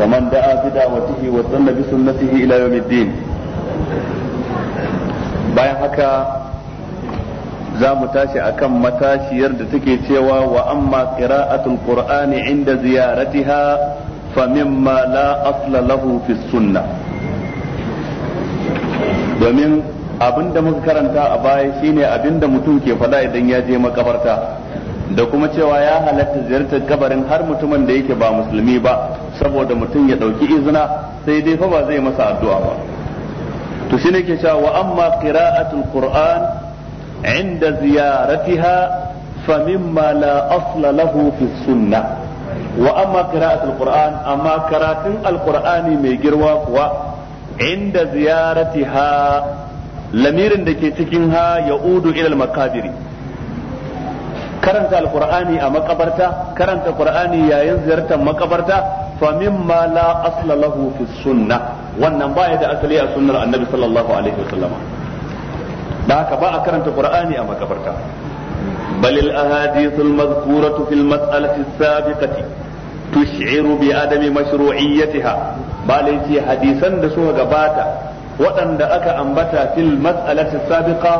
ومن دعا بدعوته وسن بسنته الى يوم الدين bayan haka za mu tashi akan matashiyar da take cewa wa amma qira'atul qur'ani inda ziyaratiha fa mimma la asla lahu fi sunnah domin abinda muka karanta a baya shine abinda mutum ke faɗa idan ya je makabarta da kuma cewa ya halatta ziyartar kabarin har mutumin da yake ba musulmi ba saboda mutum ya dauki izina sai dai fa ba zai masa addu'a ba to shine ke cewa wa amma qira'atul qur'an inda ziyaratiha fa mimma la asla lahu fi sunnah wa amma qira'atul qur'an amma karatun alqur'ani mai girwa kuwa inda ziyaratiha lamirin da ke cikin ha ya udu ilal makabiri karanta alqur'ani a makabarta karanta qur'ani yayin ziyartar makabarta fa mimma la asla lahu fi wannan baya da asali a sunnar annabi sallallahu alaihi wasallam da haka ba a karanta qur'ani a makabarta بل الأحاديث المذكورة في المسألة السابقة تشعر بعدم مشروعيتها بل حديثا دسوها gabata. waɗanda aka ambata fil mas'alati sabiqa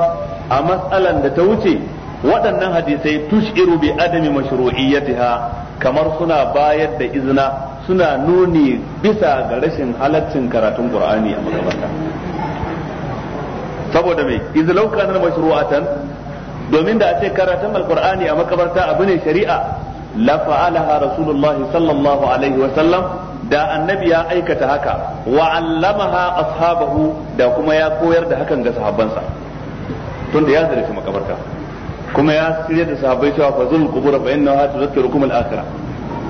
a mas'alan da ta wuce waɗannan hadisai tushiru bi adami mashru'iyyatiha kamar suna bayar da izina suna nuni bisa ga rashin halaccin karatun qur'ani a makabarta. saboda mai izlau kanar mashru'atan domin da a ce karatun alqur'ani a makabarta abu ne shari'a la fa'alaha rasulullah sallallahu alaihi wa sallam da annabi ya aikata haka wa allamaha ashabahu da kuma ya koyar da hakan ga sahabbansa tunda ya zarafi makabarta kuma ya sirya da sahabbai cewa fa zul qubur fa ha tudhkirukum al-akhirah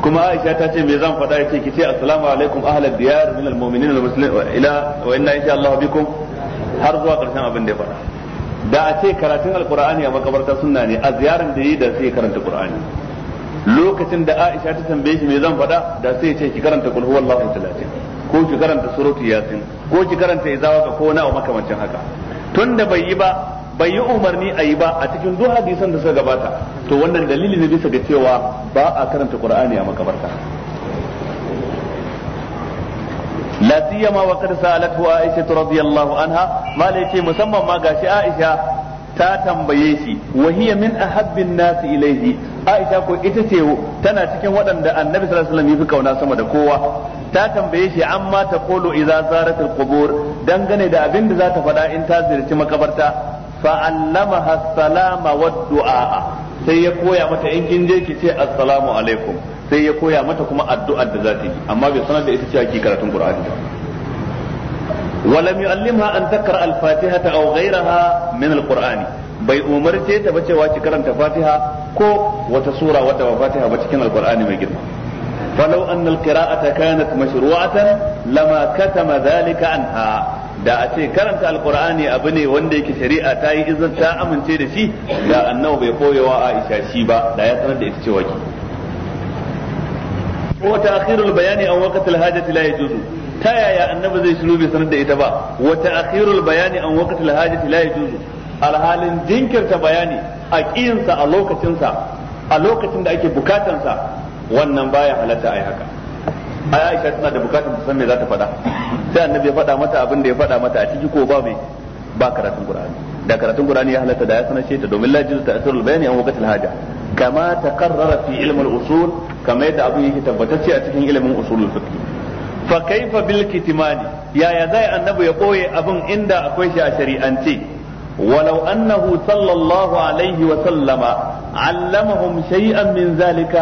kuma Aisha ta ce me zan faɗa yace ki ce assalamu alaikum ahlal diyar min al-mu'minin al-muslimin ila wa inna insha Allah bikum har zuwa karshen abin da ya faɗa da a ce karatun alqur'ani a makabarta sunna ne a ziyaran da yi da sai karanta qur'ani lokacin da Aisha ta tambaye shi me zan faɗa da sai ce ki karanta kul huwallahu talatin ko ki karanta suratul yasin ko ki karanta izawa ko na makamancin haka tunda bai yi ba bai yi umarni a yi ba a cikin duk hadisan da suka gabata to wannan dalili ne bisa ga cewa ba a karanta qur'ani a makabarta la siyama wa qad sa'alathu aisha radiyallahu anha malai musamman ma gashi aisha ta tambaye shi wa hiya min ahabbin nasi ilaihi aisha ko ita ce tana cikin waɗanda annabi sallallahu alaihi wasallam yafi kauna sama da kowa ta tambaye shi amma ta Kolo idza zaratil qubur dangane da abin da za ta faɗa in ta ziyarci makabarta fa'allamaha hasalama wa sai ya koya mata in kin je ki ce assalamu alaikum sai ya koya mata kuma addu'ar da za ta yi amma bai sanar da ita cewa ki karatun qur'ani ba ولم يعلمها al fatiha الفاتحة أو min Al-Qur'ani bai umarce ta ba cewa ki karanta fatiha ko wata sura wadda ba fatiha ba cikin Al-Qur'ani mai girma falau anna alqira'ata kanat mashru'atan lama katama dhalika anha da a ce karanta alkur'ani abu ne wanda yake shari'a ta yi izin ta amince da shi da annabi bai koyewa Aisha shi ba da ya sanar da ita cewa ki wa ta'khirul bayani an waqtil hajati la yajuzu ta yaya annabi zai shiru bai sanar da ita ba wa ta'khirul bayani an waqtil hajati la yajuzu alhalin jinkirta bayani a kiyinsa a lokacinsa a lokacin da ake bukatansa wannan baya halatta ai haka ai Aisha tana da bukatun ta san me za ta faɗa sai annabi ya faɗa mata abin da ya faɗa mata a ciki ko ba mai ba karatun Qur'ani da karatun Qur'ani ya halatta da ya sanar ta domin la jizu ta'sirul bayani an waqatil haja kama taqarrara fi ilm usul kama yadda abin yake tabbatacce a cikin ilimin usulul fiqh fa kaifa bil kitmani yaya zai annabi ya koye abin inda akwai shi a shari'ance ولو أنه صلى الله عليه وسلم علمهم شيئا من ذلك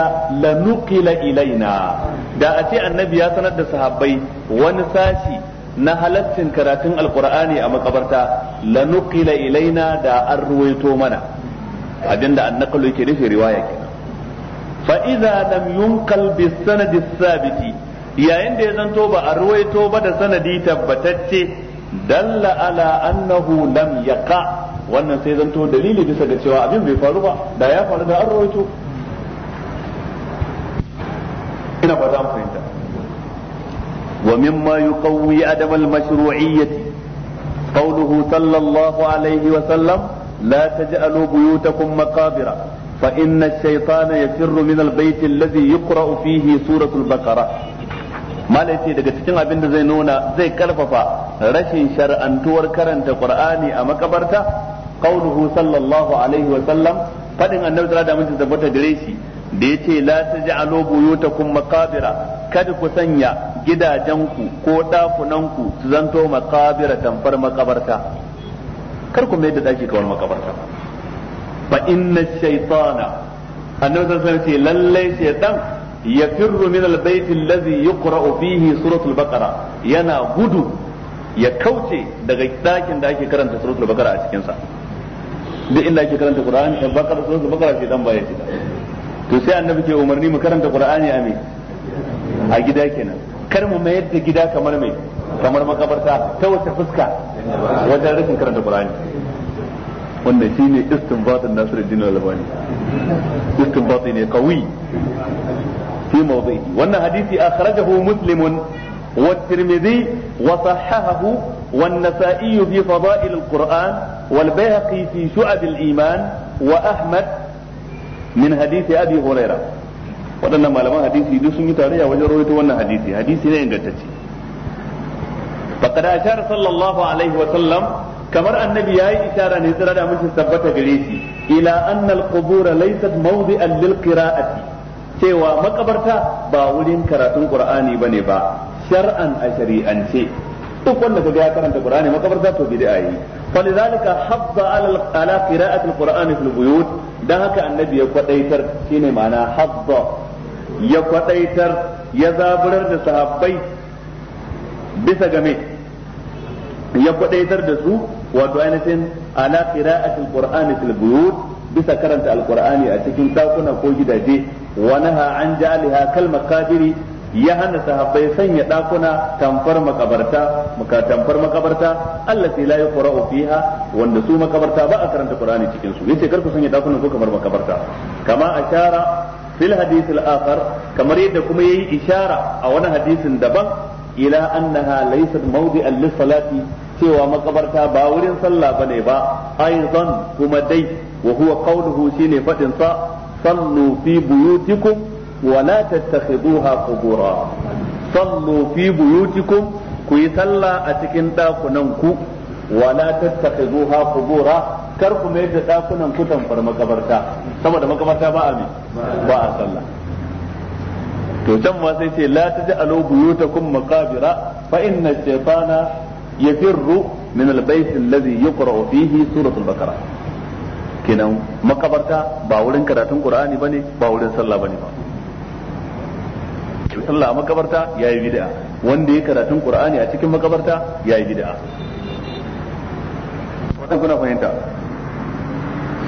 لنقل إلينا da a ce annabi ya sanar da sahabbai wani sashi na halattin karatun alkur'ani a makabarta la nuqila ilaina da an ruwaito mana abinda annaqlu yake nufi riwaya kenan fa idza lam yunqal bis sanadi sabiti yayin da ya zanto ba a ruwaito ba da sanadi tabbatacce dalla ala annahu lam yaqa wannan sai zanto dalili bisa ga cewa abin bai faru ba da ya faru da an ruwaito ina ba za mu fahimta wa mimma yuqawwi adam al-mashru'iyyati qawluhu sallallahu alaihi wa suratul baqara malai daga cikin abin da zai nuna zai karfafa rashin shar'antuwar karanta ƙur'ani a makabarta qauluhu sallallahu alaihi wa sallam fadin annabi da mun tabbata gare da yace la taj'alu buyutakum makabira kada ku sanya gidajenku ko dakunanku su zanto maqabira tamfar makabarta kar ku mai da daki kawar makabarta fa inna shaytana annabi sallallahu alaihi wasallam lalle shaytan yafirru min albayt allazi yuqra'u fihi suratul baqara yana gudu ya kauce daga dakin da ake karanta suratul baqara a cikin sa duk inda ake karanta qur'ani da baqara suratul baqara shaytan baya shiga to sai annabi ke umarni mu karanta qur'ani a me a gida kenan kar mu mayar da gida kamar mai kamar makabarta ta wace fuska wajen rashin karanta qur'ani wanda shine istinbatin Nasiruddin Al-Albani istinbati ne qawi fi mawdi'i wannan hadisi akhrajahu muslimun والترمذي وصححه والنسائي في فضائل القرآن والبيهقي في شعب الإيمان وأحمد min hadisi abi huraira waɗannan malaman hadisi duk sun yi tarayya wajen rawaito wannan hadisi hadisi ne ingantacce faqad ashara sallallahu alaihi wa sallam kamar annabi yayi isharar ne tsira da mun tabbata gare shi ila anna al-qubur laysat mawdi'an lil qira'ati cewa makabarta ba wurin karatun qur'ani bane ba shar'an a shari'ance duk wanda kaga ya karanta qur'ani makabarta to bid'a yi falidhalika habba ala ala qira'ati al-qur'ani fil buyut dan haka annabi ya kwadaitar shine ma'ana habba ya kwadaitar ya zaburar da sahabbai bisa game ya kwadaitar da su wato ainihin ala qira'atil qur'ani fil buyut bisa karanta alqur'ani a cikin dakuna ko gidaje wa naha an ja'alaha kal makabiri ya hana sahabbai sanya dakuna tamfar makabarta muka tamfar makabarta allati la yuqra'u fiha wanda su makabarta ba a karanta qur'ani cikin su yace kar ku sanya dakunan ku kamar makabarta kama ashara fil hadith al-akhar kamar yadda kuma yayi ishara a wani hadisin daban ila annaha laysat mawdi'an lis-salati cewa makabarta ba wurin sallah bane ba aidan kuma dai wa huwa qawluhu shine fadin sa sallu fi buyutikum ولا تتخذوها قبورا صلوا في بيوتكم كي صلى أتكن داكننكو ولا تتخذوها قبورا kar ku mai da dakunan ku tamfar makabarta saboda makabarta ba a mi a sallah to can ma sai ce la taj'alu buyutakum maqabira fa inna yafirru min kenan makabarta ba wurin karatun qur'ani bane ba wurin sallah bane ba sallah a makabarta yayi bid'a wanda ya karatun qur'ani a cikin makabarta yayi bid'a wannan kuna fahimta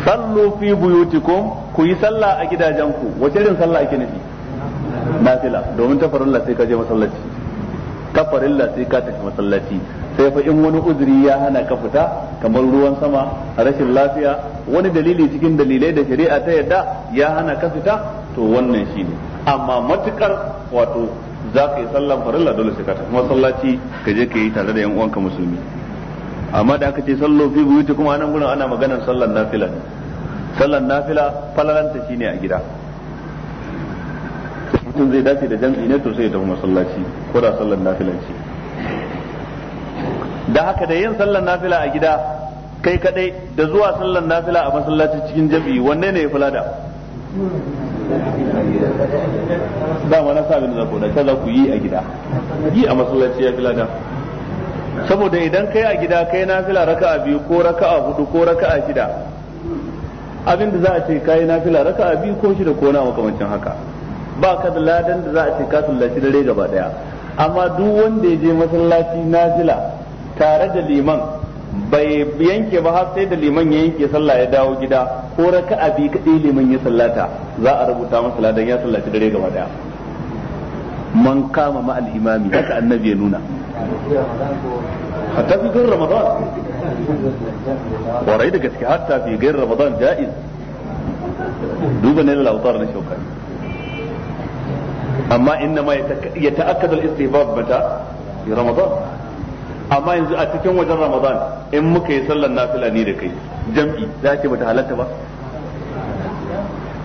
sallu fi buyutikum ku yi sallah a gidajenku wace irin sallah ake nufi nafila domin ta farilla sai ka je masallaci ta farilla sai ka tafi masallaci sai fa in wani uzuri ya hana ka fita kamar ruwan sama rashin lafiya wani dalili cikin dalilai da shari'a ta yadda ya hana ka fita to wannan shine amma matukar wato za ka yi sallan farilla dole sai ka tafi masallaci ka je ka yi tare da yan uwanka musulmi amma da aka ce sallo fi buyuti kuma anan gurin ana maganar sallan nafila ne sallan nafila falalanta shine a gida mutum zai dace da jam'i ne to sai ya tafi masallaci ko da sallan nafila ce da haka da yin sallan nafila a gida kai kadai da zuwa sallan nafila a masallaci cikin jam'i wanne ne ya fulada dama na sabin da ta za ku yi a gida yi a masallaci ya filada saboda idan kai a gida kai na fila raka'a biyu ko raka'a hudu ko raka'a shida abinda za a ce kai na fila raka'a biyu ko shida ko na makamancin haka ba ka da ladan da za a ce ka sallaci dare gaba daya amma duk wanda ya je masallaci na fila tare da liman bai yanke ba har sai da liman ya yanke sallah ya dawo gida ko raka'a bi kadai liman ya sallata za a rubuta masa ladan ya sallaci dare gaba daya man kama ma al-imami haka annabi ya nuna hatta fi gairar ramadan warai da gaske hatta fi gairar ramadan ja'iz duba ne lautar na shaukai amma inna ma ya ta'akkadu al-istihbab mata fi ramadan amma yanzu a cikin wajen ramadan in muka yi sallar nafila ni da kai jam'i za ce bata halatta ba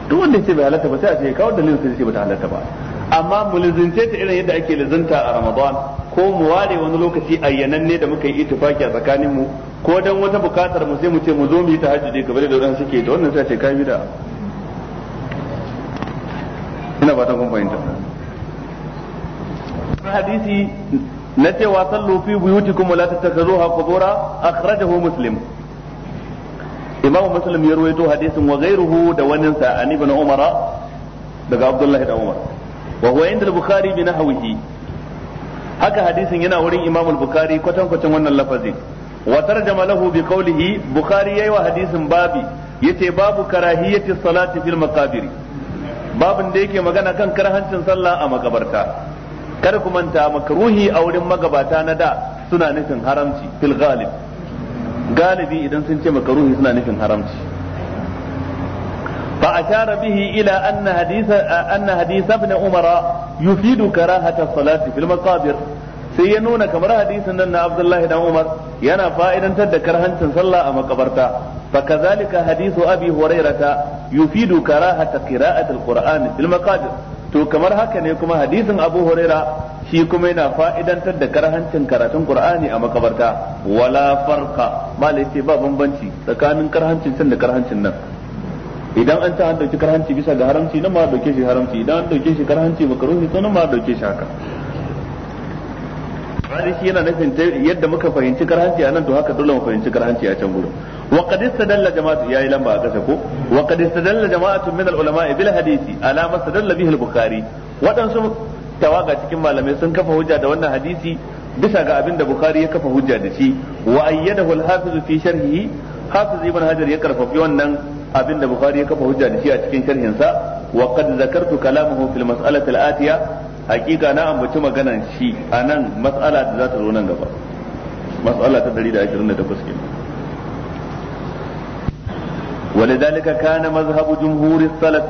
duk wanda ce bai halatta ba sai a ce kawo dalilin sai ce bata halatta ba amma mu lizince ta irin yadda ake lizinta a ramadan ko mu ware wani lokaci ayyananne da muka yi itifaki a tsakanin mu ko dan wata bukatar mu sai mu ce mu zo mu yi tahajjudi kamar da wadansu suke da wannan sai a ce kai da. ina ba ta kun fahimta hadisi na cewa sallu fi buyutikum wala tattakhuzuha qubura akhrajahu muslim imamu muslim ya ruwaito hadisin wa ghayruhu da wani sa an ibn umar daga abdullah da umar wa huwa inda al-bukhari bi nahwihi haka hadisin yana wurin imamu al-bukhari kwatan kwatan wannan lafazin wa tarjama lahu bi qawlihi bukhari yayi wa hadisin babi yace babu karahiyati salati fil maqabir babin da yake magana kan karhancin sallah a makabarta kar ku manta makruhi a wurin magabata na da suna nufin haramci fil galibi idan sun ce makruhi suna nufin haramci fa ashara bihi ila anna hadisa anna hadisa ibn umara yufidu karahata salati fil maqabir sai ya nuna kamar hadisin nan na Abdullahi dan Umar yana fa'idantar da karhancin sallah a makabarta fa kazalika hadisu Abi Hurairata yufidu karahata qira'ati quran fil maqabir to kamar haka ne kuma hadisin abu huraira shi kuma yana fa'idantar da karhancin karatun qur'ani a makabarta wala farqa malai ba bambanci tsakanin karhancin can da karhancin nan idan an ta an dauki karhanci bisa ga haramci nan ma dauke shi haramci idan an dauke shi karhanci makaruhi to nan ma dauke shi haka bani shi yana nufin yadda muka fahimci karhanci a nan to haka dole mu fahimci karhanci a can gurin wa qad istadalla jama'atu yayi lamba a kasa ko wa qad istadalla jama'atu min al-ulama bil hadithi ala ma sadalla bihi al-bukhari wadansu tawaga cikin malamai sun kafa hujja da wannan hadisi bisa ga abinda bukhari ya kafa hujja da shi wa ayyadahu al-hafiz fi sharhihi hafiz ibn hajar ya karfafi wannan abin bukhari ya kafa hujja da shi a cikin sharhin sa wa qad zakartu kalamahu fil mas'alati al-atiya hakika na ambaci maganan shi anan mas'ala da za ta zo nan gaba mas'ala ta 128 kenan ولذلك كان مذهب جمهور السلف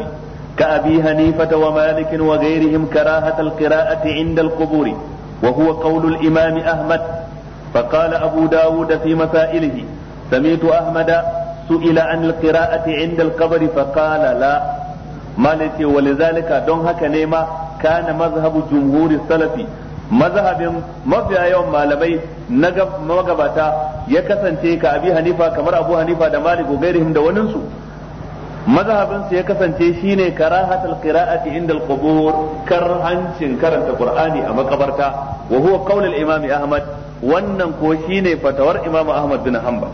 كأبي حنيفة ومالك وغيرهم كراهة القراءة عند القبور وهو قول الإمام أحمد فقال أبو داود في مسائله سمعت أحمد سئل عن القراءة عند القبر فقال لا مالك ولذلك دون هكا نيما كان مذهب جمهور السلف mazhabin mafiya yawan malamai na magabata ya kasance ka abi hanifa kamar abu hanifa da malik gairihim da su mazhabin su ya kasance shine karahatul qira'ati inda al-qubur karhancin karanta qur'ani a makabarta wa huwa qaulul imam ahmad wannan ko shine fatawar imam ahmad bin hanbal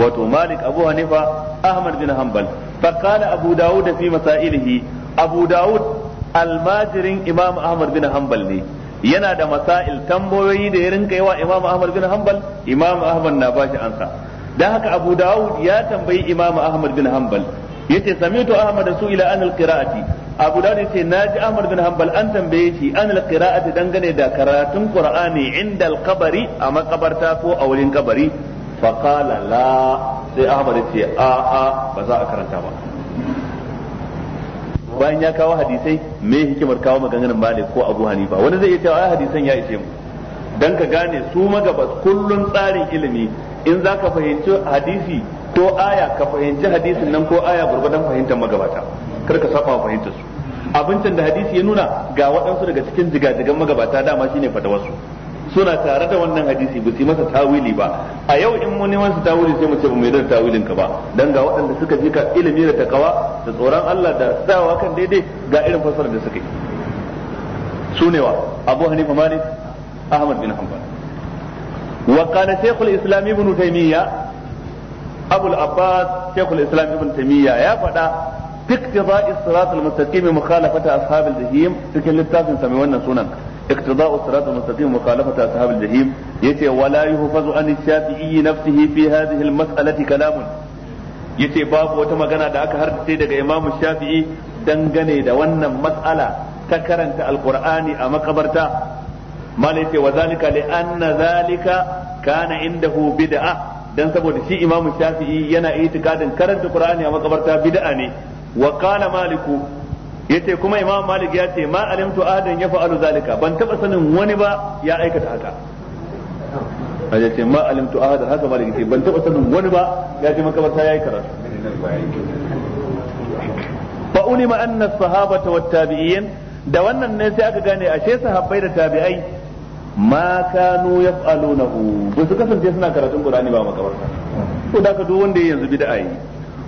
wato malik abu hanifa ahmad bin hanbal fa qala abu daud fi masailihi abu daud almajirin imam ahmad bin hanbal ne yana da masail tambayoyi da ya rinka yawa Imam Ahmad bin Hanbal Imam Ahmad na bashi ansa dan haka Abu Dawud ya tambayi Imam Ahmad bin Hanbal yace samitu Ahmad su ila anil qira'ati Abu Dawud yace naji Ahmad bin Hanbal an tambaye shi anil qira'ati dangane da karatun Qur'ani inda al a makabarta ko a wurin kabari fa qala la sai Ahmad yace a a ba za a karanta ba bayan ya kawo hadisai me hikimar kawo maganganun malik ko abu hanifa wani zai iya cewa ai hadisan ya ishe mu dan ka gane su magabas kullun tsarin ilimi in za ka fahimci hadisi ko aya ka fahimci hadisin nan ko aya gurbadan fahimtar magabata kar ka saba fahimtar su abincin da hadisi ya nuna ga waɗansu daga cikin jigajigan magabata dama shine fatawarsu wasu suna tare da wannan hadisi ba su masa tawili ba a yau in mun neman su tawili sai mu ce ba mu yarda tawilin ka ba dan ga waɗanda suka jika ka ilimi da takawa da tsoron Allah da tsawa kan daidai ga irin fasara da suka yi sunewa Abu Hanifa Malik Ahmad bin Hanbal wa kana Sheikhul Islam Ibn Taymiyyah Abu al-Abbas Sheikhul Islam Ibn Taymiyyah ya faɗa fi iqtida'i al-mustaqim mukhalafata ashab al-jahim cikin littafin sa mai wannan sunan اقتضاء الصراط المستقيم مخالفة أصحاب الجحيم يتي ولا يحفظ عن الشافعي نفسه في هذه المسألة كلام yace babu wata magana da aka hardace daga imamu shafi'i dangane da wannan matsala ta karanta alqur'ani a makabarta mala yace wa zalika li anna zalika kana indahu bid'a dan saboda shi imamu shafi'i yana itikadin karanta qur'ani a makabarta bid'a ne wa qala maliku yace kuma imam malik ya ce ma alimtu ahadan yaf'alu zalika ban taba sanin wani ba ya aikata haka aje ce ma alimtu ahadan haka malik ce ban taba sanin wani ba ya ce makabarta yi karatu fa ulima anna as-sahabata wat-tabi'in da wannan ne sai aka gane ashe sahabbai da tabi'ai ma kanu yaf'alunahu ba su kasance suna karatun qur'ani ba makabarta to da ka duk wanda yanzu bid'a yi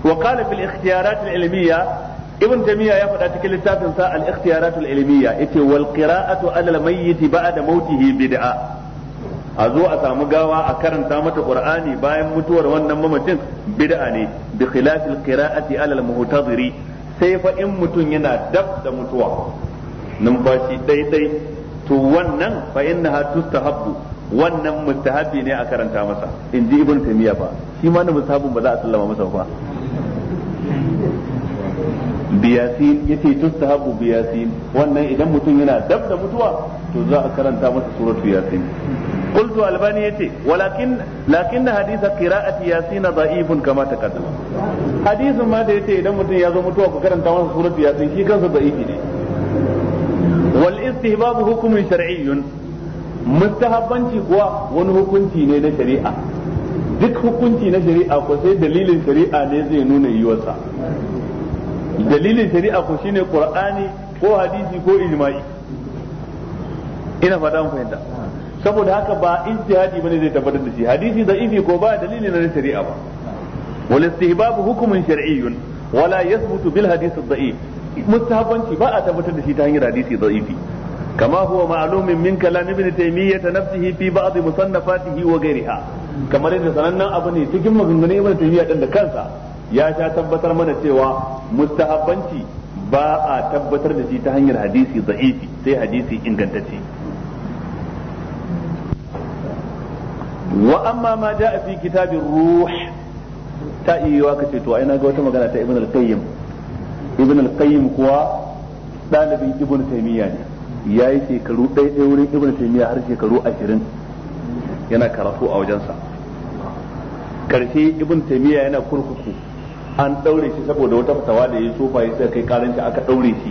wa qala fil ikhtiyarat al-ilmiyya ibn tamiya ya faɗa cikin littafin sa al-ikhtiyaratul ilmiya yace wal qira'atu ala al-mayyit da mautihi bid'a a a samu gawa a karanta mata qur'ani bayan mutuwar wannan mamacin bid'a ne bi khilafil qira'ati alal muhtadiri sai fa in mutum yana dab da mutuwa numfashi daidai to wannan fa innaha tustahabbu wannan mustahabi ne a karanta masa inji ibn tamiya fa shi ma na mustahabin ba za a sallama masa ba biyasin yace tustahabu biyasin wannan idan mutum yana dab da mutuwa to za a karanta masa suratu yasin qultu albani yace walakin lakin hadith qira'ati yasin da'ifun kama taqaddama hadisin ma da yace idan mutum ya zo mutuwa ku karanta masa suratu yasin shi kansa da'ifi ne wal istihbabu hukmun shar'iyyun mustahabbanci kuwa wani hukunci ne na shari'a duk hukunci na shari'a ko sai dalilin shari'a ne zai nuna yiwarsa dalilin shari'a ko shine qur'ani ko hadisi ko ijma'i ina fata an fahimta saboda haka ba ijtihadi bane zai tabbatar da shi hadisi da ifi ko ba dalili na shari'a ba wal istihbab hukmun shar'iyyun wala yathbutu bil hadith ad-da'if mustahabbanci ba a tabbatar da shi ta hanyar hadisi da'ifi كما هو معلوم من كلام ابن تيمية نفسه في بعض مصنفاته وغيرها كما رأينا سننا أبني تجمع من ابن تيمية عند كانسا ya sha tabbatar mana cewa mustahabbanci ba a tabbatar da shi ta hanyar hadisi za'ifi, sai hadisi ingantacce wa amma ma a fi kitabin ruh ta iya ka ce to ai na ga wata magana ta ibn al-qayyim ibn al-qayyim kuwa ɗalibin ibn taymiya ne yayi shekaru ɗaya ɗaya wurin ibn taymiya har shekaru ashirin yana karatu a wajensa karshe ibn taymiya yana kurkuku an daure shi saboda wata fatawa da ya sofa ya sai kai karanci aka daure shi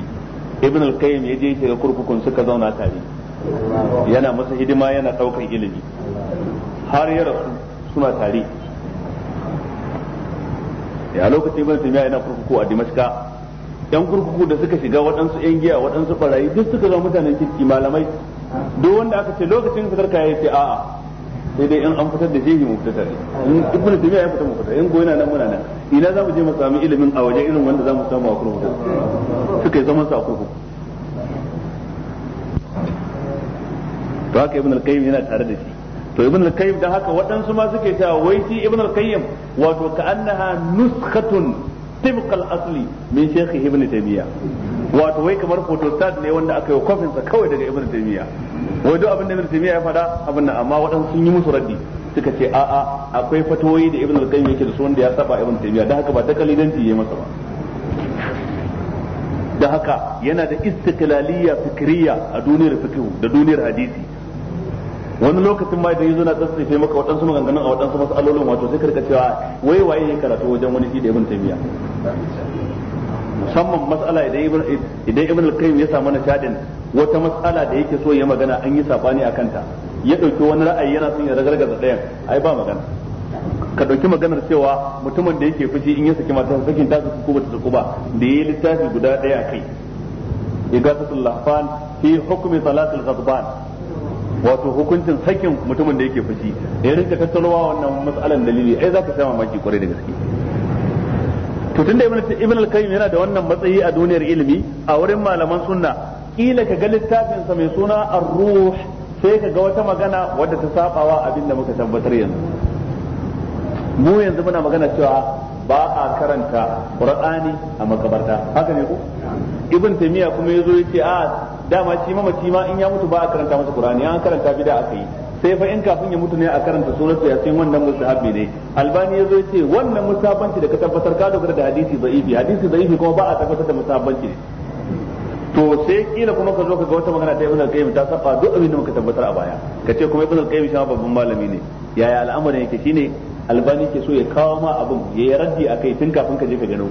ibn al-qayyim ya je ga kurkukun suka zauna tare yana masa hidima yana daukan ilimi har ya rasu suna tare a lokacin ibn taymiya yana kurkuku a dimashka yan kurkuku da suka shiga waɗansu yan giya waɗansu barayi duk suka zama mutanen kirki malamai duk wanda aka ce lokacin fitar ya ce a'a sai dai in an fitar da shehi mu fitar ne in ibnu ya ya fitar mu fitar in goyina nan muna nan ina zamu je mu sami ilimin a waje irin wanda zamu samu a kurkuku suka yi zaman su a kurkuku to haka ibn al-qayyim yana tare da shi to ibn al-qayyim da haka waɗansu ma suke cewa wai shi ibn al-qayyim wato ka'annaha nuskhatun tibqal asli min shaykh ibn taymiya wato wai kamar photostat ne wanda aka yi kofin sa kawai daga ibn taymiya wai duk abin da ibn taymiya ya fada abin nan amma waɗansu sun yi musu raddi suka ce a'a akwai fatoyi da ibn al-qayyim yake da su wanda ya saba ibn taymiya dan haka ba ta kalidanci yayi masa ba da haka yana da istiqlaliyya fikriya a duniyar fiqh da duniyar hadisi wani lokacin ma da yazo na tsatsefe maka waɗansu maganganun a waɗansu mas'alolin wato sai karka cewa wai waye ya karatu wajen wani shi da ibn taymiya musamman mas'ala idan ibn idan al-qayyim ya samu nashadin wata mas'ala da yake so ya magana an yi sabani akan ta ya dauki wani ra'ayi yana son ya ragargaza ɗayan ai ba magana ka dauki maganar cewa mutumin da yake fushi in ya saki matar sakin ta su ko bata su ba da yayi littafi guda ɗaya kai igasatul lahfan fi hukmi salatul ghadban wato hukuncin sakin mutumin da yake fushi da ya rinka tattalowa wannan matsalan dalili ai zaka sai mamaki kwarai da gaske to tunda ibn ibn al-qayyim yana da wannan matsayi a duniyar ilimi a wurin malaman sunna kila ka ga littafin sa mai suna ar-ruh sai ka ga wata magana wadda ta sabawa abin da muka tabbatar yanzu mu yanzu muna magana cewa ba a karanta qur'ani a makabarta haka ne ko ibn taymiya kuma yazo yace a ah, dama shi mamaci ma in ya mutu ba a karanta masa qur'ani an karanta bid'a aka yi sai fa in kafin ya mutu ne a karanta suratu yasin wannan mustahabi ne albani yazo ce wannan musabanci da ka tabbatar ka dogara da hadisi da'ifi hadisi da'ifi kuma ba a tabbatar da musabanci ne to sai kila kuma ka zo ka ga wata magana ta ibnu al-qayyim ta saba duk abin da muka tabbatar a baya ka ce kuma ibnu al-qayyim shi babban malami ne yaya al'amarin yake shine albani ke so ya kawo ma abin ya yi raddi kai tun kafin ka je ka gano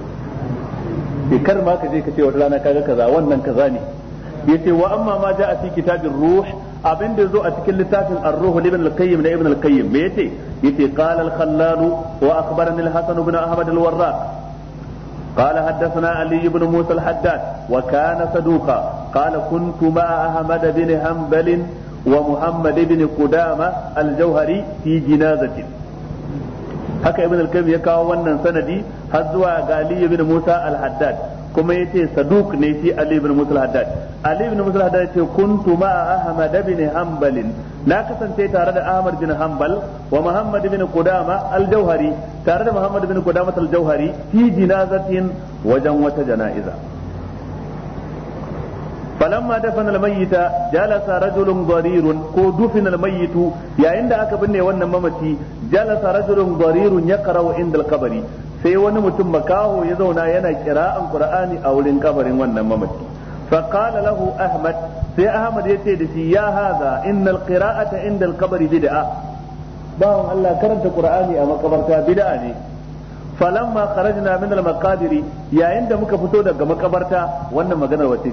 kar ma ka je ka ce wata rana kaga kaza wannan kaza ne yace wa amma ma jaa fi kitabir ruh abinda zo a cikin littafin ar-ruh ibn al-qayyim da ibn al-qayyim me yace yace qala al-khallal wa akhbarani al-hasan ibn ahmad al-warraq قال حدثنا علي بن موسى الحداد وكان صدوقا قال كنت مع أحمد بن حنبل ومحمد بن قدامة الجوهري في جنازة haka ibn al ya kawo wannan sanadi har zuwa ga Ali Musa al kuma yace Saduk ne shi Ali ibn Musa haddad Ali ibn Musa haddad yace kuntu ma'a Ahmad ibn Hanbal na kasance tare da Ahmad bin Hanbal wa Muhammad ibn Qudama al-Jauhari tare da Muhammad ibn Qudama al-Jauhari fi jinazatin wajen wata jana'iza فلما دفن الميت جلس رجل ko كو دفن الميت yayin da aka binne wannan mamaci jalasa rajulun ضرير wa عند kabari. sai wani mutum makaho ya zauna yana kira'an qur'ani a wurin kabarin wannan mamaci fa ahmad sai ahmad ya ce da shi ya hadha innal qira'ata inda al-qabri bid'a bawon Allah karanta qur'ani a makabarta bida'a ne falamma kharajna min al-maqabiri yayin da muka fito daga makabarta wannan maganar wace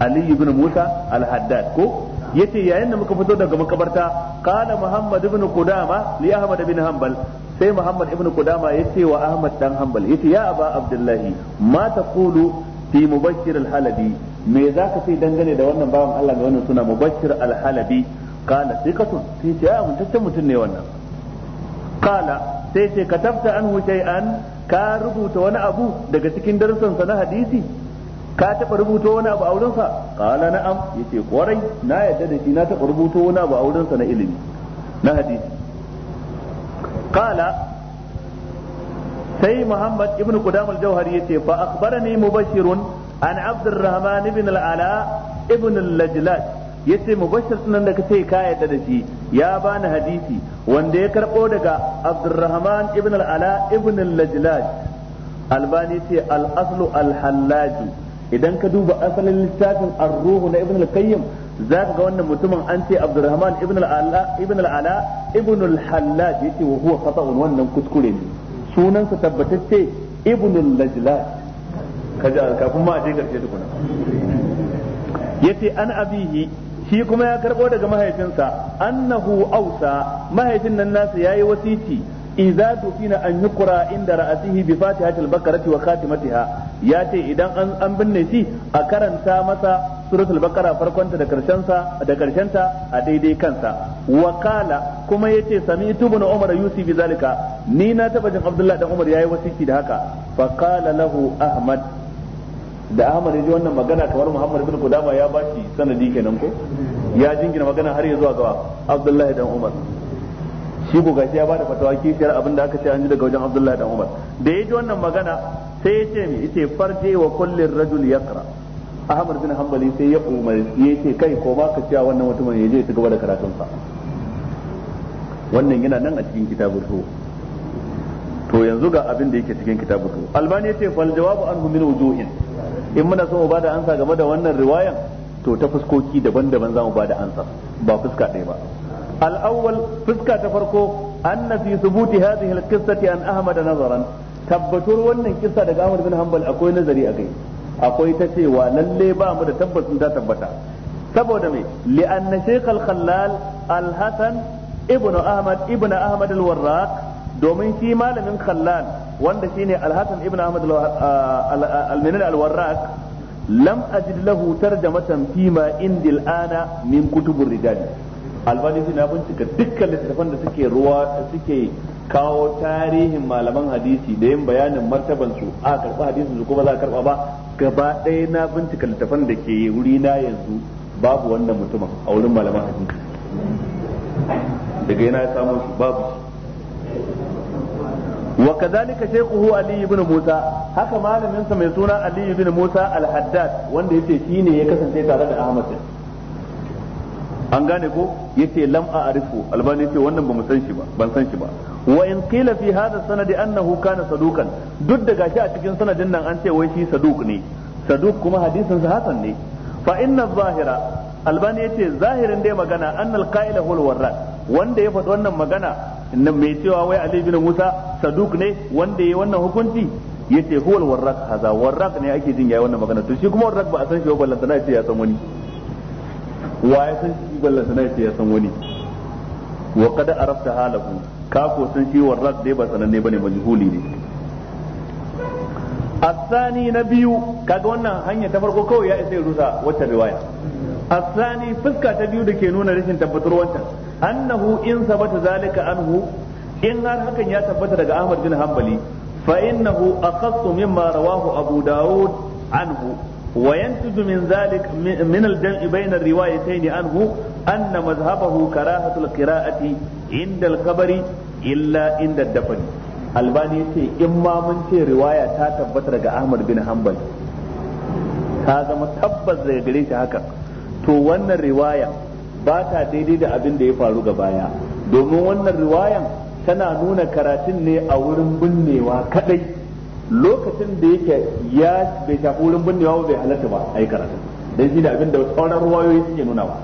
Aliyu Ali Musa al-Haddad ko yace yayin da muka fito daga makabarta qala muhammad ibn qudama li ahmad ibn hanbal sai muhammad ibn qudama yace wa ahmad dan hanbal yace ya aba abdullahi ma taqulu fi mubashir al-halabi me zaka sai dangane da wannan bawan Allah ga wannan suna mubashir al-halabi qala to sai ce ya ah, mutaccen mutum ne wannan qala sai ce katabta anhu shay'an ka rubuta wani abu daga cikin sa na hadisi ka taɓa rubuto wani abu a wurinsa kala na'am yace kwarai na yadda da shi na taɓa rubuto wani abu a wurinsa na ilimi na hadisi kala sai muhammad ibn qudam al-jauhari yace fa akhbarani mubashirun an abdurrahman ibn al-ala ibn al-lajlaj yace mubashir sunan da kace ka yadda da shi ya bani hadisi wanda ya karbo daga abdurrahman ibn al-ala ibn al-lajlaj albani ce al-aslu al-hallaju idan ka duba asalin littafin ar-ruhu na ibn al-qayyim zaka ga wannan mutumin an ce abdurrahman ibn al-ala ibn al-ala ibn al-hallaj yace wa huwa khata'un wannan kuskure ne sa tabbatacce ibn al-lajlaj kaje kafin ma a je karshe tukuna yace an abihi shi kuma ya karbo daga mahaifinsa annahu ausa mahaifin nan nasa yayi wasiti idza anyi an in inda ra'atihi bi fatihati al-baqarati wa khatimatiha ce idan an an binne shi a karanta masa suratul baqara farkon ta da karshen sa da karshen ta a daidai kansa wa qala kuma yace sami'tu ibn umar yusi bi zalika ni na taba jin abdullahi dan umar yayi wasiki da haka fa qala lahu ahmad da ahmad yaji wannan magana kamar muhammad ibn kudama ya bashi sanadi kenan ko ya jingina magana har ya zuwa ga abdullahi dan umar shi ko gashi ya bada fatawa kishiyar abin da aka ce an ji daga wajen Abdullahi dan Umar da yaji wannan magana sai ya ce mi yace farje wa kullin rajul yaqra Ahmad bin Hanbali sai ya umar ya ce kai ko ba ka cewa wannan mutumin ya je ya gaba da karatun sa wannan yana nan a cikin kitabul ruh to yanzu ga abin da yake cikin kitabul ruh Albani yace fal jawabu anhu min wujuhin in muna so mu bada ansa game da wannan riwayan to ta fuskoki daban-daban za mu bada ansa ba fuska ɗaya ba al-awwal fuska ta farko anna fi thubuti hadhihi al-qissati an ahmad nazaran tabbatur wannan kisa daga Ahmad bin Hanbal akwai nazari akai akwai ta cewa lalle ba mu da tabbacin ta tabbata saboda me li'anna shaykh al-khallal al-hasan ibn ahmad ibn ahmad warraq domin shi malamin khallal wanda shine al-hasan ibn ahmad al-minan al-warraq lam ajid lahu tarjamatan indil ana min kutubur rijal albani na bincika dukkan littattafan da suke ruwa suke kawo tarihin malaman hadisi da yin bayanin martaban su a karɓa hadisi su kuma za a karɓa ba gaba ɗaya na bincika littattafan da ke wuri na yanzu babu wannan mutumin a wurin malaman hadisi daga yana ya samu shi babu wa kadhalika shaykhu ali ibn musa haka malamin sa mai suna ali ibn musa al-haddad wanda yace shine ya kasance tare da ahmad an gane ko yace lam a'rifu albani yace wannan bamu san shi ba ban san shi ba wa in qila fi hadha sanadi annahu kana sadukan duk da gashi a cikin sanadin nan an ce wai shi saduk ne saduk kuma hadisin sa hasan ne fa inna zahira albani yace zahirin dai magana annal qa'ila hul warra wanda ya faɗi wannan magana nan mai cewa wai ali bin musa saduk ne wanda ya wannan hukunci yace huwal warra haza warra ne ake jin yayi wannan magana to shi kuma warra ba a san shi ba na ce ya san wani wa ya san ballanta na ya san wani wa kada arafta halahu ka ko san shi warraq dai ba sananne bane majhuli ne asani na biyu kaga wannan hanya ta farko kawai ya isa rusa wata riwaya asani fuska ta biyu da ke nuna rashin tabbatar wancan annahu in sabata zalika anhu in har hakan ya tabbata daga Ahmad bin Hanbali fa innahu aqassu mimma rawahu Abu Dawud anhu وينتج من ذلك من الجمع بين الروايتين عنه أن مذهبه كراهة القراءة عند الخبر إلا عند الدفن albani ce in ma mun ce riwaya ta tabbata daga ahmad bin hanbal ta zama tabbas daga gare shi haka to wannan riwaya ba ta daidai da abin da ya faru ga baya domin wannan riwayan tana nuna karatun ne a wurin binnewa kadai lokacin da yake ya bai shafi wurin binnewa bai halatta ba a yi karatu dan shi da abin da sauran ruwayoyi suke nuna ba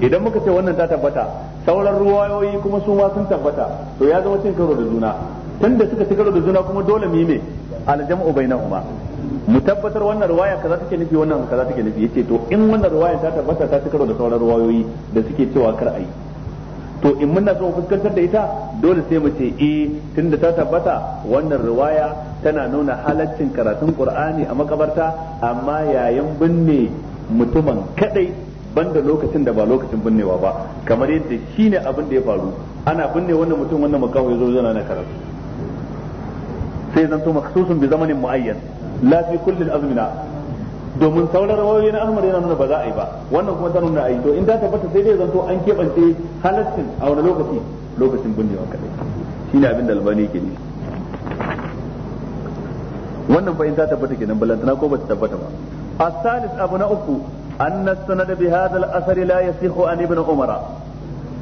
idan muka ce wannan ta tabbata sauran ruwayoyi kuma su ma sun tabbata to ya zama cin karo da juna tunda suka ci karo da juna kuma dole mu yi me aljam'u bainahuma mu tabbatar wannan ruwaya kaza take nufi wannan kaza take nufi yace to in wannan ruwaya ta tabbata ta ci karo da sauran ruwayoyi da suke cewa kar ayi to in muna so fuskantar da ita dole sai mu ce eh tunda ta tabbata wannan riwaya tana nuna halaccin karatun qur'ani a makabarta amma yayin binne mutumin kadai banda lokacin da ba lokacin binnewa ba kamar yadda shine abin da ya faru ana binne wannan mutum wannan makaho ya yana na karatu sai zanto maksusun bi zamanin muayyan la fi kulli azmina domin sauran rawayoyi na Ahmad yana nuna ba za a yi ba wannan kuma ta nuna a yi to in ta tabbata sai dai zanto an keɓance halaccin a wani lokaci lokacin binnewa kadai ne abin da albani ke ne. wannan fa in ta tabbata kenan balantana ko ba ta tabbata ba An أبو نأكو أن السند بهذا الأثر لا يصح an ابن Umara.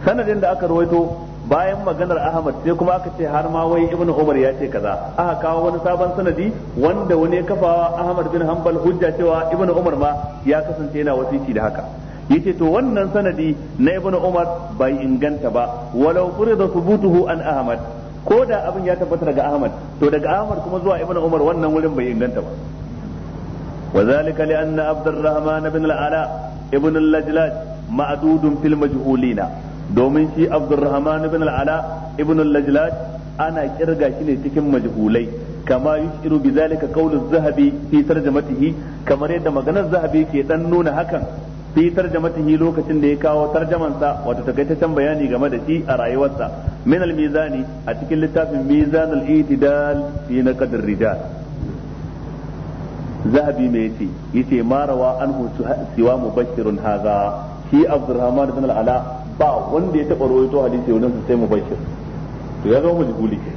sanadin da aka rawaito bayan maganar Ahmad sai kuma aka ce har ma wai Ibn Umar ya ce kaza aka kawo wani sabon sanadi wanda wani ya kafawa Ahmad bin Hanbal hujja cewa Ibn Umar ma ya kasance yana wasiki da haka yace to wannan sanadi na Ibn Umar bai inganta ba walau furida thubutuhu an Ahmad ko da abin ya tabbata daga Ahmad to daga Ahmad kuma zuwa Ibn Umar wannan wurin bai inganta ba وذلك لأن عبد الرحمن بن العلاء ابن اللجلاج معدود في المجهولين domin shi abdurrahman ibn al-ala ibn al-lajlaj ana kirga shi ne cikin majhulai kama yushiru bi zalika qawlu zahabi fi tarjamatihi kamar yadda maganar zahabi ke dan nuna hakan fi tarjamatihi lokacin da ya kawo tarjamansa wato takaitaccen bayani game da shi a rayuwarsa min al-mizani a cikin littafin mizan al-itidal fi naqd rijal zahabi mai yace yace marawa anhu siwa mubashirun haza shi abdurrahman ibn al ba wanda ya taba rawaito hadisi wannan sai mu bashir to ya zama majhuli ke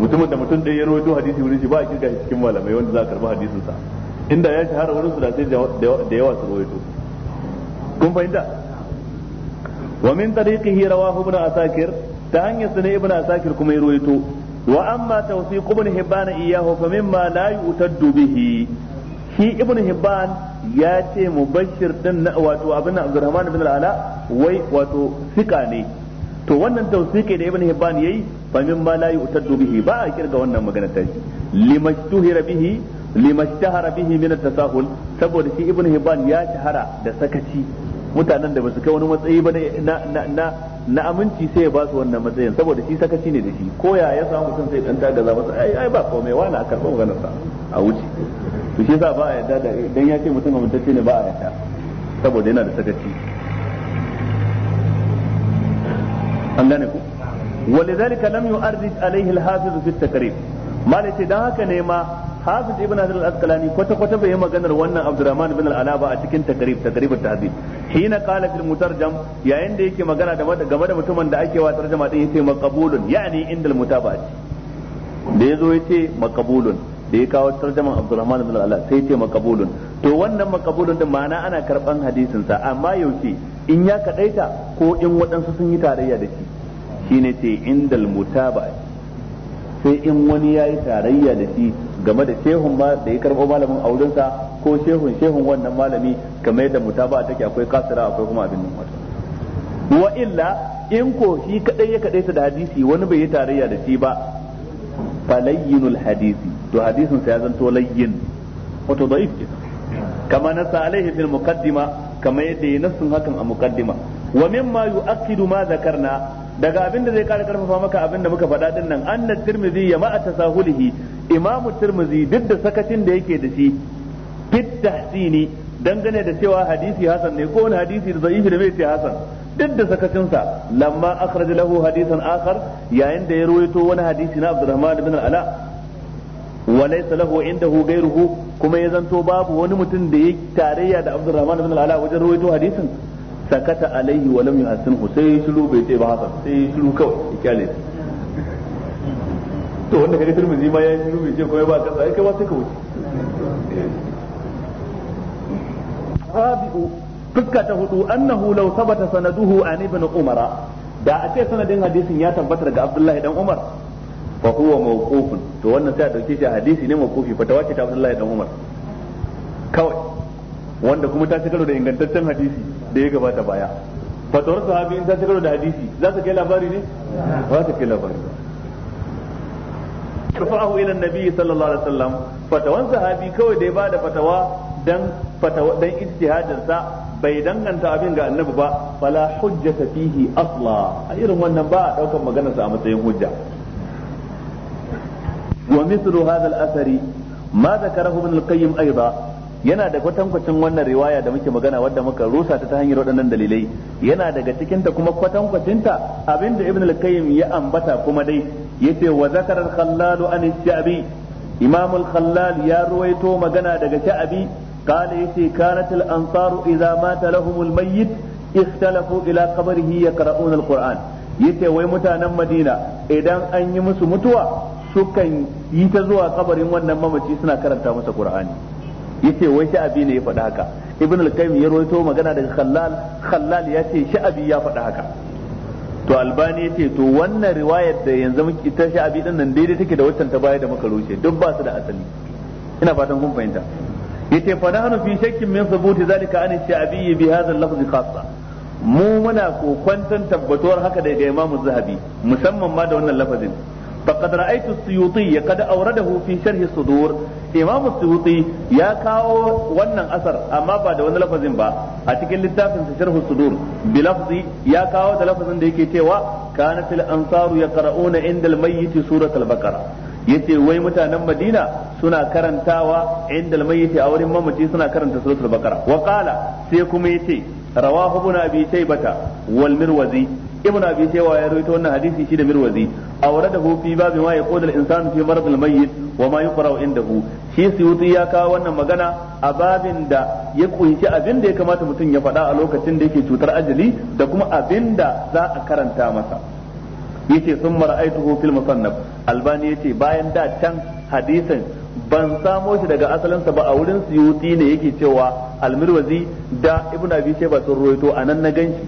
mutumin da mutum da ya rawaito hadisi wurin shi ba a kirga cikin malamai wanda za a karba hadisin sa inda ya shahara wurin su da sai da yawa su rawaito kun fahimta wa min tariqihi rawahu ibn asakir ta hanyar sa ne ibn asakir kuma ya rawaito wa amma tawsiq ibn hibban iyahu fa mimma la yu'taddu bihi shi ibn hibban ya ce mubashir din na wato abin nan Abdurrahman bin al-Ala wai wato sika ne to wannan tausiki da Ibn Hibban yayi fa min ma la yu'taddu bihi ba a kirga wannan magana ta shi limashtuhira bihi limashtahara bihi min at-tasahul saboda shi Ibn Hibban ya shahara da sakaci mutanen da basu kai wani matsayi ba na na aminci sai ya ba su wannan matsayin saboda shi sakaci ne da shi ko ya ya samu mutum sai dan ga za ai ai ba komai wani a karɓar maganar sa a wuce to shi yasa ba a yarda da dan ya ce mutum amintacce ne ba a yarda saboda yana da sakaci an gane ku ولذلك لم يؤرد عليه الحافظ في التقريب ما لتي dan haka ne ma Hafiz ibn Hajar al-Asqalani kwata kwata bai yi maganar wannan Abdurrahman ibn al-Ala ba a cikin takrib takrib at-tahdhib hina qala fil mutarjam yayin da yake magana da game da mutumin da ake wa tarjuma din yace maqbulun yani indal mutaba'ati da yazo yace maqbulun da ya kawo tarjaman Abdulrahman bin Allah sai ce makabulun to wannan makabulun din ma'ana ana karban hadisin sa amma yaushe in ya kadaita ko in waɗansu sun yi tarayya da shi shine ce indal mutaba sai in wani yayi tarayya da shi game da shehun ma da ya karbo malamin auren sa ko shehun shehun wannan malami kamar yadda mutaba take akwai kasira akwai kuma abin nan wa illa in ko shi kadai ya kadaita da hadisi wani bai yi tarayya da shi ba falayyinul hadisi to hadisin sa ya zanto layyin kama nasa alaihi fil kama yadda ya nassun hakan a muqaddima wa mimma yu'akkidu ma zakar na? daga abin da zai kara karfafa maka abin da muka faɗa din nan anna tirmidhi ya ma'a tasahulihi imam Tirmizi, duk da sakacin da yake da shi fit tahsini dangane da cewa hadisi hasan ne kowane hadisi da zaifi da bai ce hasan duk da sakacinsa lamma akhraj lahu hadithan akhar yayin da ya ruwaito wani hadisi na Abdurrahman ibn al-Ala wa laysa lahu indahu ghayruhu kuma ya zanto babu wani mutum da ya tarayya da Abdurrahman ibn al-Ala wajen ruwaito hadisin sakata alaihi wa lam yuhsinhu sai shiru bai ce ba haka sai shiru kawai ya kyale to wanda kaga Tirmidhi ma ya shiru bai ce komai ba ka sai kai ba sai ka wuce fuska ta hudu annahu law thabata sanaduhu an ibn umara da a ce sanadin hadisin ya tabbata daga abdullahi dan umar fa huwa mawqufun to wannan sai a dauke shi hadisi ne mawqufi fa tawace ta abdullahi dan umar kawai wanda kuma ta ci da ingantaccen hadisi da ya gabata baya fatawar sahabi in ta ci da hadisi za ta kai labari ne Za ta kai labari ba rafa'ahu ila annabi sallallahu alaihi wasallam fatawan sahabi kawai da ya bada fatawa dan fatawa dan ijtihadin bai danganta abin ga annabi ba fala hujjata fihi asla a irin wannan ba a daukar maganar sa a matsayin hujja wa mithlu hadha al-athari ma zakarahu ibn al-qayyim aidan yana da kwatankwacin wannan riwaya da muke magana wadda muka rusa ta ta hanyar waɗannan dalilai yana daga cikinta kuma kwatankwacinta abinda ibn al-qayyim ya ambata kuma dai yace wa zakarar al-khallal an shabi imam al-khallal ya ruwaito magana daga sha'abi قال يتي كانت الأنصار إذا مات لهم الميت اختلفوا إلى قبره يقرؤون القرآن yace wai mutanen madina idan an yi musu mutuwa sukan yi ta zuwa kabarin wannan mamaci suna karanta masa qur'ani yace wai sha'abi ne ya faɗi haka ibn al-qayyim ya rawaito magana daga khallal khallal yace sha'abi ya faɗi haka to albani yace to wannan riwayar da yanzu muke ta sha'abi din nan daidai take da waccan ta baya da muka rushe duk ba su da asali ina fatan kun fahimta yace fa nahnu fi shakkin min thubuti zalika an sha'bi bi hadha al-lafz khassa mu muna kokwantan tabbatuwar haka daga Imam Zahabi musamman ma da wannan lafazin faqad ra'aytu as-Suyuti qad awradahu fi sharh sudur Imam Suyuti ya kawo wannan asar amma ba da wani lafazin ba a cikin littafin sa sharh sudur bi lafzi ya kawo da lafazin da yake cewa kanatil ansaru yaqra'una inda al-mayyit surat al-baqara yace wai mutanen Madina suna karantawa inda almayyiti a wurin mamaci suna karanta suratul baqara wa qala sai kuma yace rawahu ibn abi shaybata wal mirwazi ibn abi shayba ya rawaito wannan hadisi shi da mirwazi awradahu fi babin wa yaqulu al insanu fi marad al mayyit wa ma yuqra indahu shi suyuti ya kawo wannan magana a babin da ya kunshi abin da ya kamata mutum ya faɗa a lokacin da yake cutar ajali da kuma abin da za a karanta masa yace sun mara'aituhu fil musannaf albani yace bayan da can hadisin ban samo shi daga asalinsa ba a wurin suyuti ne yake cewa almirwazi da ibnu abi shayba sun ruwaito anan na ganshi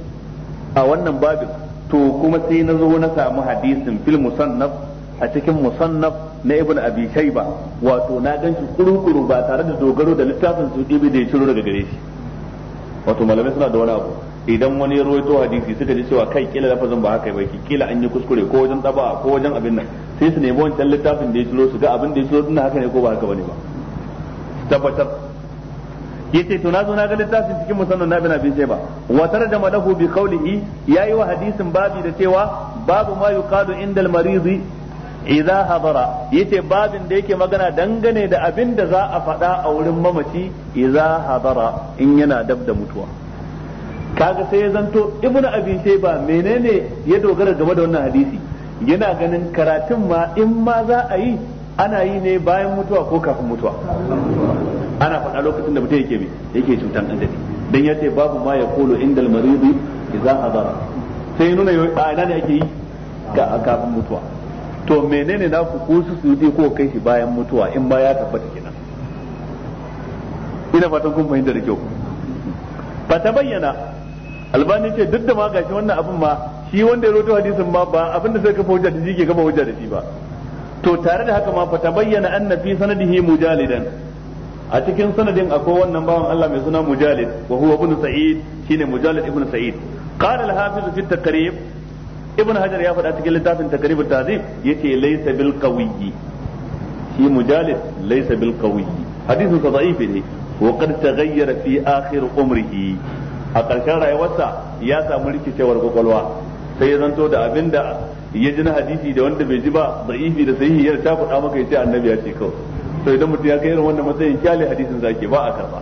a wannan babu to kuma sai na zo na samu hadisin fil musannaf a cikin musannaf na ibn abi shayba wato na ganshi kurukuru ba tare da dogaro da littafin suyuti bai da ya ciro daga gare shi wato malamai suna da wani abu idan wani ya rawaito hadisi suka ji cewa kai kila lafazin ba haka baki kila an yi kuskure ko wajen taba ko wajen abin nan sai su nemi wancan littafin da ya tulo su ga abin da ya tulo suna haka ne ko ba haka bane ba tabbatar yace to na zo na ga littafin cikin musannan na bin abin sai ba wa da lahu bi qawlihi yayi wa hadisin babi da cewa babu ma yuqalu indal marizi idza hadara yace babin da yake magana dangane da abin da za a faɗa a wurin mamaci idza hadara in yana dab da mutuwa kaga sai ya zanto ibnu abi shayba menene ya dogara game da wannan hadisi yana ganin karatun ma in ma za a yi ana yi ne bayan mutuwa ko kafin mutuwa ana faɗa lokacin da mutum yake bi yake cutan ɗan dadi dan yace babu ma ya kulu indal maridi idza hadara sai nuna a ina ne ake yi ga kafin mutuwa to menene na ku ko su sudi ko kai shi bayan mutuwa in ma ya tabbata kenan ina fatan kun fahimta da kyau fa bayyana albani ce duk da ma gashi wannan abin ma shi wanda ya roto hadisin ma ba abin da sai kafa hujja da jike kafa hujja da shi ba to tare da haka ma fa tabayyana anna fi sanadihi mujalidan a cikin sanadin akwai wannan bawan Allah mai suna mujalid wa huwa ibn sa'id shine mujalid ibn sa'id qala al-hafiz fi taqrib ibn hajar ya faɗa cikin littafin taqrib at-tahzib yace laysa bil qawiyyi shi mujalid laysa bil qawiyyi hadithu dha'if ne wa qad taghayyara fi akhir umrihi a ƙarshen rayuwarsa ya samu rikicewar kwakwalwa sai ya zanto da abin da ya ji na hadisi da wanda bai ji ba ifi da sahihi ya ta faɗa maka ya ce annabi ya ce kawai sai idan mutum ya kai irin wannan matsayin kyale hadisin zake ba a karba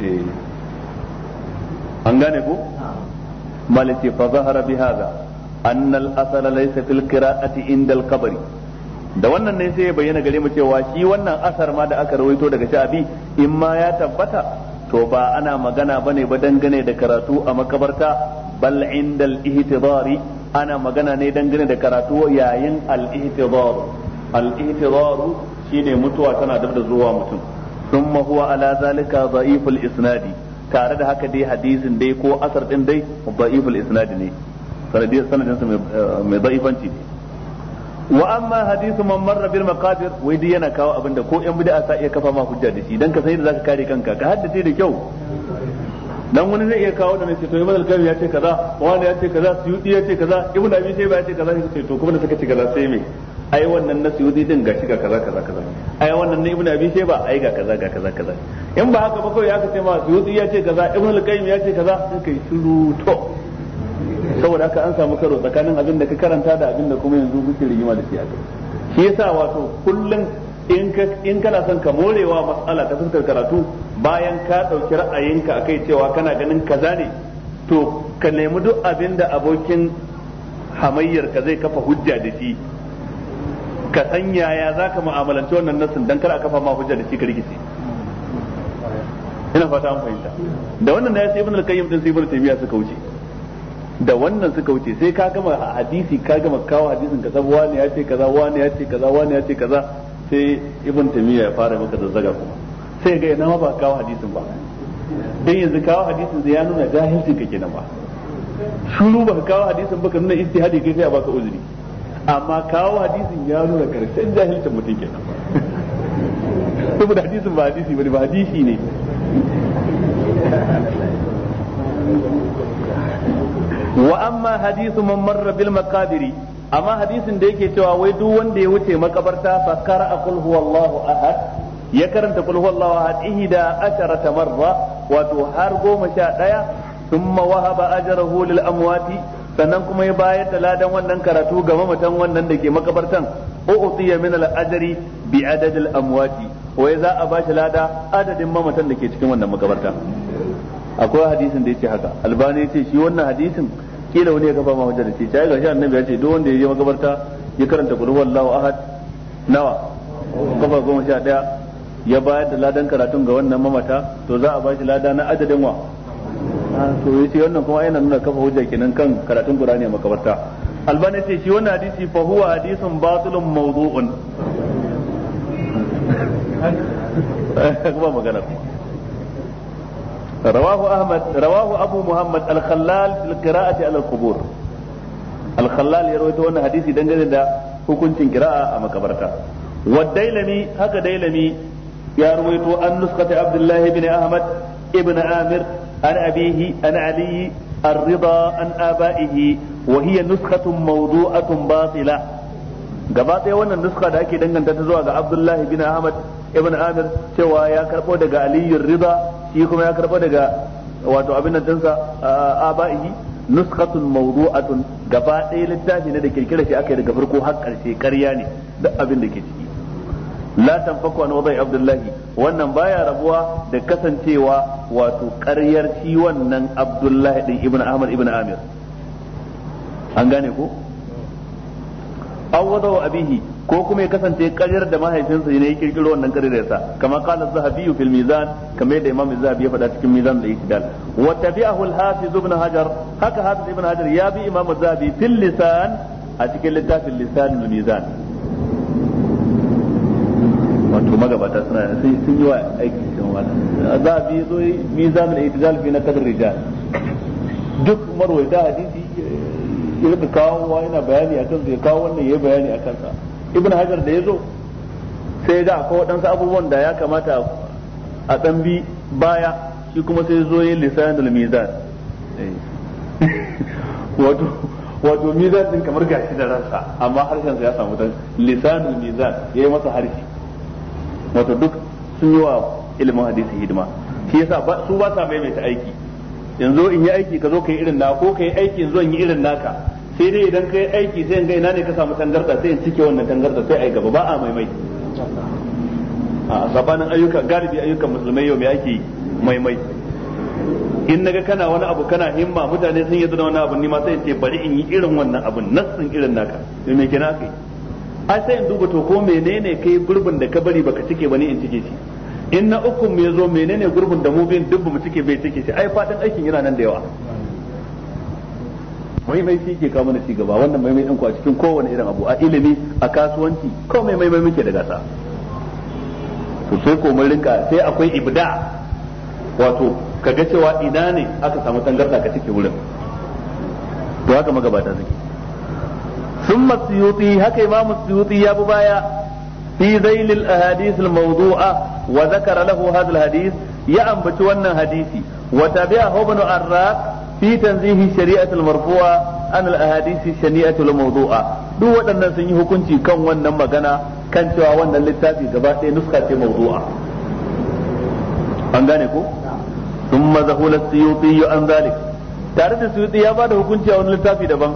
eh. an gane ko malaki fa zahara bi hada an al asal laysa fil qira'ati inda al qabr da wannan ne sai ya bayyana gare mu cewa shi wannan asar ma da aka rawaito daga sha'abi in ma ya tabbata to ba ana magana bane ba dangane da karatu a makabarta bal indal ihtidari ana magana ne dangane da karatu yayin al ihtibar al ihtibar shine mutuwa tana dab da zuwa mutum thumma huwa ala zalika dha'iful isnadi tare da haka dai hadisin dai ko asar din dai dha'iful isnadi ne sanadin sanadin mai eh, dha'ifanci ne wa amma hadisu man marra bil maqabir wai dai yana kawo abinda ko yan bid'a sa iya kafa ma hujja da shi dan ka sai da zaka kare kanka ka haddace da kyau dan wani zai iya kawo da nace to ibn al-qayyim ya ce kaza wani ya ce kaza suyuti ya ce kaza ibn abi shayba ya ce kaza sai to kuma da suka ce kaza sai me ai wannan na suyuti din gashi ga kaza kaza kaza ai wannan ne ibn abi shayba ai ga kaza ga kaza kaza in ba haka ba kawai ka ce ma suyuti ya ce kaza ibn al-qayyim ya ce kaza sai kai shiru to saboda haka an samu karo tsakanin abin da ka karanta da abin da kuma yanzu kuke rigima da shi a kai shi yasa wato kullum in ka in kana son ka morewa mas'ala ta fuskar karatu bayan ka dauki ra'ayinka akai cewa kana ganin kaza ne to ka nemi duk abin da abokin hamayyar ka zai kafa hujja da shi ka san yaya zaka mu'amalanci wannan nassin dan kar a kafa ma hujja da shi ka rikice ina fata an fahimta da wannan da ya sai ibn al-qayyim din sai ibn taymiya suka wuce da wannan suka wuce sai ka gama hadisi ka gama kawo hadisin ka sabuwa wani ya ce kaza wani ya ce kaza wani ya ce kaza sai ibn tamiya ya fara maka zazzaga kuma sai ga yana ma ba kawo hadisin ba dan yanzu kawo hadisin zai ya nuna jahilcin ka kenan ba shuru ba kawo hadisin ba ka nuna istihadi kai sai a baka uzuri amma kawo hadisin ya nuna karshen jahilcin mutum kenan saboda hadisin ba hadisi bane ba hadisi ne wa amma hadithu man marra bil amma hadisin da yake cewa wai duk wanda ya wuce makabarta fa a qul huwallahu ahad ya karanta qul huwallahu ahad ihda asharata marra wato har goma sha daya thumma wahaba ajrahu lil amwati sannan kuma ya bayar da ladan wannan karatu ga mamatan wannan da ke makabartan u'tiya min al ajri bi adad al amwati wai za a bashi lada adadin mamatan da ke cikin wannan makabarta akwai hadisin da yace haka albani yace shi wannan hadisin kila wani ya gaba ma hujja da shi sai gashi annabi ya ce duk wanda ya je magabarta ya karanta qul huwallahu ahad nawa kafa goma sha daya ya bayar da ladan karatun ga wannan mamata to za a bashi lada na adadin wa ah, to yace wannan kuma yana nuna kafa hujja kenan kan karatun qur'ani a makabarta albani ce shi wannan hadisi fa huwa hadisun batilun mawdu'un magana kuma رواه أحمد رواه أبو محمد الخلال في القراءة على القبور الخلال يروي تون حديثي دنجل دا حكم قراءة أما كبرتا والديلمي هكا ديلمي يروي عن نسخة عبد الله بن أحمد ابن عامر عن أبيه عن علي الرضا عن آبائه وهي نسخة موضوعة باطلة gaba ɗaya wannan nuska da ake danganta ta zuwa ga abdullahi bin ahmad ibn amir cewa ya karɓo daga aliyu rida shi kuma ya karba daga wato abin nan dinsa abaihi nuskhatun mawdu'atun gaba ɗaya littafi ne da kirkira shi aka yi daga farko har ƙarshe ƙarya ne duk abin da ke ciki la tanfaku an wadai abdullahi wannan baya rabuwa da kasancewa wato ƙaryar shi wannan abdullahi din ibnu ahmad ibnu amir an gane ko awwada abihi ko kuma ya kasance karyar da mahaifinsa ne ya kirkiro wannan karyar sa kama qala az-zahabi fil mizan kama da imam zahabi ya faɗa cikin mizan al-i'tidal wa tabi'ahu al-hafiz ibn hajar haka hafiz ibn hajar ya bi imam zahabi fil lisan a cikin littafin lisan al-mizan wato magabata suna sun yi wa aiki cikin wata az-zahabi zo mizan al-i'tidal fi na kadar rijal duk marwaita hadisi ya kawo wa yana bayani akan zai kawo wannan ya bayani akan sa ibn hajar da ya zo sai da akwai waɗansu abubuwan da ya kamata a ɗan bi baya shi kuma sai zo yin lisanul mizan eh. wato wato mizan din kamar gashi da ransa amma harshen sa ya samu dan lisanul mizan yayi masa harshe wato duk sun yi wa ilimin hadisi hidima shi yasa su ba sa maimaita aiki yanzu in yi aiki ka zo ka yi irin na ko ka yi aiki yanzu in yi irin naka sai dai idan kai aiki sai in ga ina ne ka samu tangarda sai in cike wannan tangarda sai ai gaba ba a maimai a sabanin ayyuka galibi ayyukan musulmai yau mai ake maimai in naga kana wani abu kana himma mutane sun yadda wani abu ni ma sai in ce bari in yi irin wannan abun nassin irin naka to me kina kai ai sai in duba to ko menene kai gurbin da ka bari baka cike bane in cike shi in na uku mu yazo menene gurbin da mu bin dubbu mu cike bai cike shi ai fadin aikin yana nan da yawa mai mai shi ke kawo mana cigaba wannan mai ɗin ku a cikin kowane irin abu a ilimi a kasuwanci ko mai mai mai muke da gasa to sai ko mun rinka sai akwai ibda wato kaga cewa ina ne aka samu tangarda ka cike wurin to haka magabata suke ثم baya fi zailil ahadith al mawdu'a wa zakara lahu hadha al hadith ya ambaci wannan hadisi wa وتابعه ابن arraq fi tanzihi shari'atul marfu'a an al ahadisi shani'atul mawdu'a duk waɗannan sun yi hukunci kan wannan magana kan cewa wannan littafi gaba ɗaya nuska ce mawdu'a an gane ko thumma zahula suyuti an zalik tare da suyuti ya bada hukunci a wannan littafi daban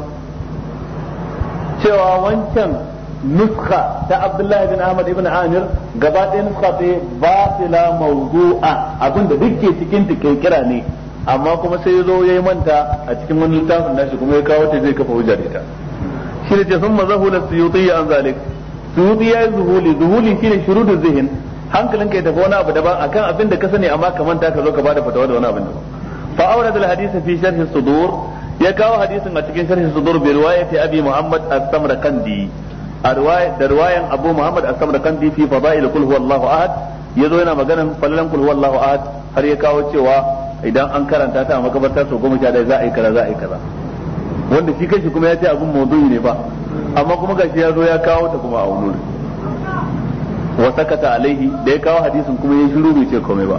cewa wancan nuska ta Abdullahi bin Ahmad ibn Amir gaba ɗaya nuska ce batila mawdu'a abinda duk ke cikin ta kirkira ne amma kuma sai ya zo ya yi manta a cikin wani littafin nashi kuma ya kawo ta zai kafa hujjar ita shi ne ce sun mazahu la suyuti an zalik suyuti ya yi zuhuli zuhuli shine da zihin hankalin ka ya tafi wani abu daban akan abin da ka sani amma ka manta ka zo ka bada fatawa da wani abin daban fa aure da hadisi fi sharhin sudur ya kawo hadisin a cikin sharhin sudur bi riwayati abi muhammad as-samarkandi a da riwayan abu muhammad as kandi fi fadail kul huwallahu ahad yazo yana maganan fallan kul huwallahu ahad har ya kawo cewa idan an karanta ta a makabarta sau goma sha ɗaya za a yi kaza za a yi kaza wanda shi kanshi kuma ya ce abin maudu'i ne ba amma kuma gashi ya zo ya kawo ta kuma a wani wa sakata alaihi da ya kawo hadisin kuma ya shiru bai ce komai ba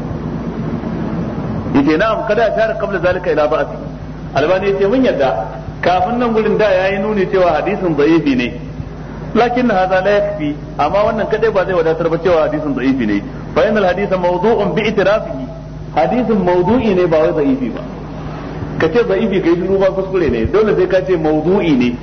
yace na'am kada shara qabla zalika ila ba'si albani yace mun yadda kafin nan gurin da ya yi nuni cewa hadisin da'ifi ne lakin hadha la yakfi amma wannan kadai ba zai wadatar ba cewa hadisin da'ifi ne fa inal hadisa mawdu'un bi itirafihi hadisin maudu'i ne ba wai da'ifi ba ka ce da'ifi yi shiru ba kuskure ne dole sai ka ce maudu'i ne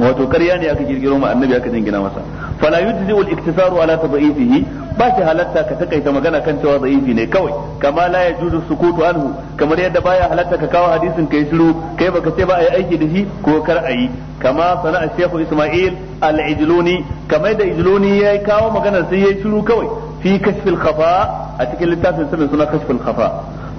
wato karya ne aka kirkiro ma annabi aka jingina masa fala yujzi al iktisaru ala tadhifihi ba shi halatta ka takaita magana kan cewa zaifi ne kawai kama la yajuzu sukutu anhu kamar yadda baya halatta ka kawo hadisin kai shiru kai baka ce ba ayi aiki da shi ko kar ayi kama sana'a shehu isma'il al-ijluni kamar da ijluni yayi kawo magana sai yayi shiru kawai fi kashfil khafa a cikin littafin sa suna kashfil khafa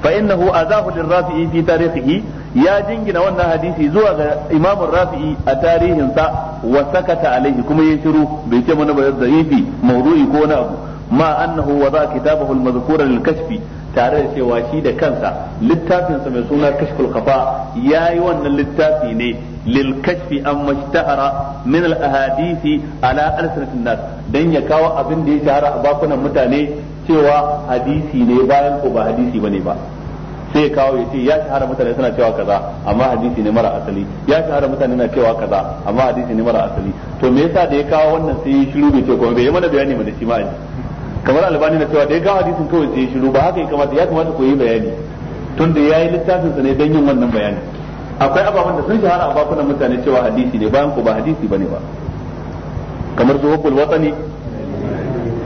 fa innahu azahu lirrafi'i ya jingina wannan hadisi zuwa ga imam rafi'i a tarihin sa alaihi kuma ya shiru bai ce mana ba zaifi mawdu'i ko wani ma annahu wada kitabahu al-madhkura lil-kashfi tare da cewa shi da kansa mai yayi wannan littafi ne للكشف عما اشتهر من الاحاديث على السنه الناس dan ya kawo abin da ya shahara a bakunan mutane cewa hadisi ne bayan ko ba hadisi bane ba sai kawo ya ce ya shahara mutane suna cewa kaza amma hadisi ne mara asali ya shahara mutane suna cewa kaza amma hadisi ne mara asali to me yasa da ya kawo wannan sai ya shiru bai ce kuma bai yi mana bayani ba da shi ma kamar albani na cewa da ya kawo hadisin kawai sai ya shiru ba haka ya kamata ya kamata ku yi bayani Tunda ya yi littafin sa ne don yin wannan bayani akwai ababen da sun shahara a bakunan mutane cewa hadisi ne bayan ku ba hadisi bane ba kamar zuwa kul watani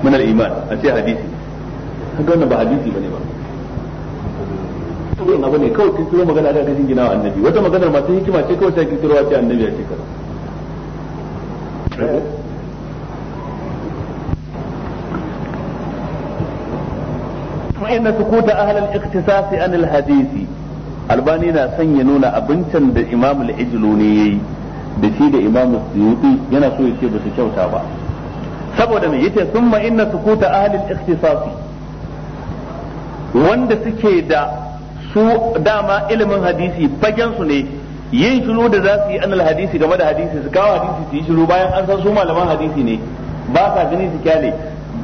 min al-iman a ce hadisi kaga wannan ba hadisi bane ba wannan abu ne kawai kin kiro magana da kashin ginawa annabi wata maganar masu hikima ce kawai ta kiro wace annabi ya ce kaza فإن سكوت أهل الاختصاص عن الحديث albani na son ya nuna abincin da imamu al ne ya yi da shi da imamu suyuti yana so ya ce ba su kyauta ba saboda me yace summa inna sukuta kuta ahalin ikhtisafi wanda suke da su dama ilimin hadisi fagen su ne yin shiru da za su yi anal hadisi game da hadisi su kawo hadisi su yi shiru bayan an san su malaman hadisi ne ba sa gani su kyale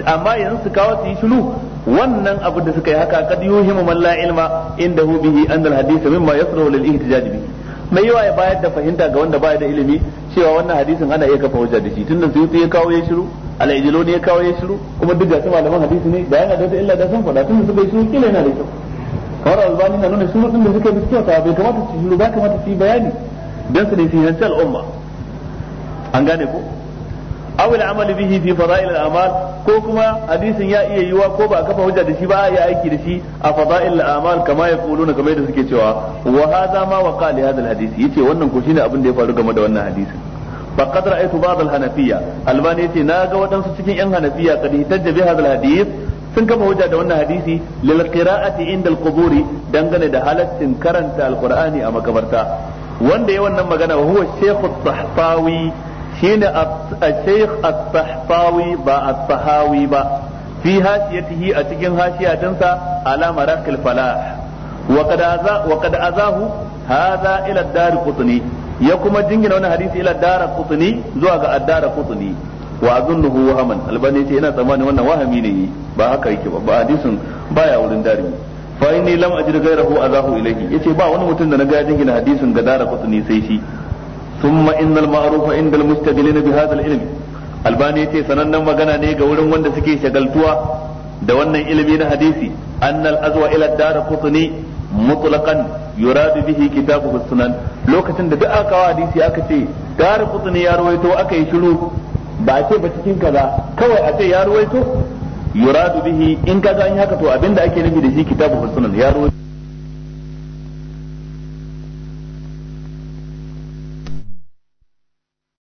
amma yanzu su kawo su yi shiru wannan abu da suka yi haka kad yuhimu man la ilma inda hu bihi an al hadith mimma yasru lil ihtijaj bihi mai yawa ya bayar da fahimta ga wanda baya da ilimi cewa wannan hadisin ana iya kafa hujja da shi tunda sai ya kawo ya shiru al ijloni ya kawo ya shiru kuma duk da su malaman hadisi ne da yana da wata illa da san fada tunda su bai shiru kila yana da kyau kawar albani na nuna shiru din da suka yi kyau ta bai kamata su shiru ba kamata su yi bayani dan su ne sai hancal umma, an gane ko aw al amal bihi fi fadail al amal ko kuma hadisin ya iya yiwa ko ba kafa hujja da shi ba ya aiki da shi a fadail al amal kama ya kuluna kamar da suke cewa wa hadha ma waqa li hadha al hadisi wannan ko shine abin da ya faru game da wannan hadisin faqad ra'aytu ba'd al hanafiya albani yace na ga wadansu cikin yan hanafiya kad hitajja bi hadha sun kafa hujja da wannan hadisi lil qira'ati inda al dangane da halaccin karanta al qur'ani a makabarta wanda ya wannan magana huwa shaykhu sahfawi shine al-shaykh al-tahfawi ba al-tahawi ba fi hasiyatihi a cikin hashiyatinsa ala marakil falah wa qad azahu hadha ila dar qutni ya kuma jingina wani hadisi ila dar qutni zuwa ga ad-dar qutni wa azunnuhu wahaman albani ce yana tsammanin wannan wahami ne ba haka yake ba ba hadisin baya wurin darimi fa inni lam ajid ghayrahu azahu ilayhi yace ba wani mutum da na ga jingina hadisin ga dar qutni sai shi ثم ان ma'rufa عند المستدلين bi العلم al-ilm سنن yace sanannen magana ne ga wurin wanda suke shagaltuwa da wannan ilimi na hadisi an al azwa ila dar qutni mutlaqan yurad bihi kitabu sunan lokacin da duk aka hadisi aka ce dar qutni ya ruwaito aka yi shiru ba ce ba cikin kaza kawai a ce ya ruwaito yurad bihi in kaza an yi haka to abinda ake nufi da shi kitabu sunan ya ruwaito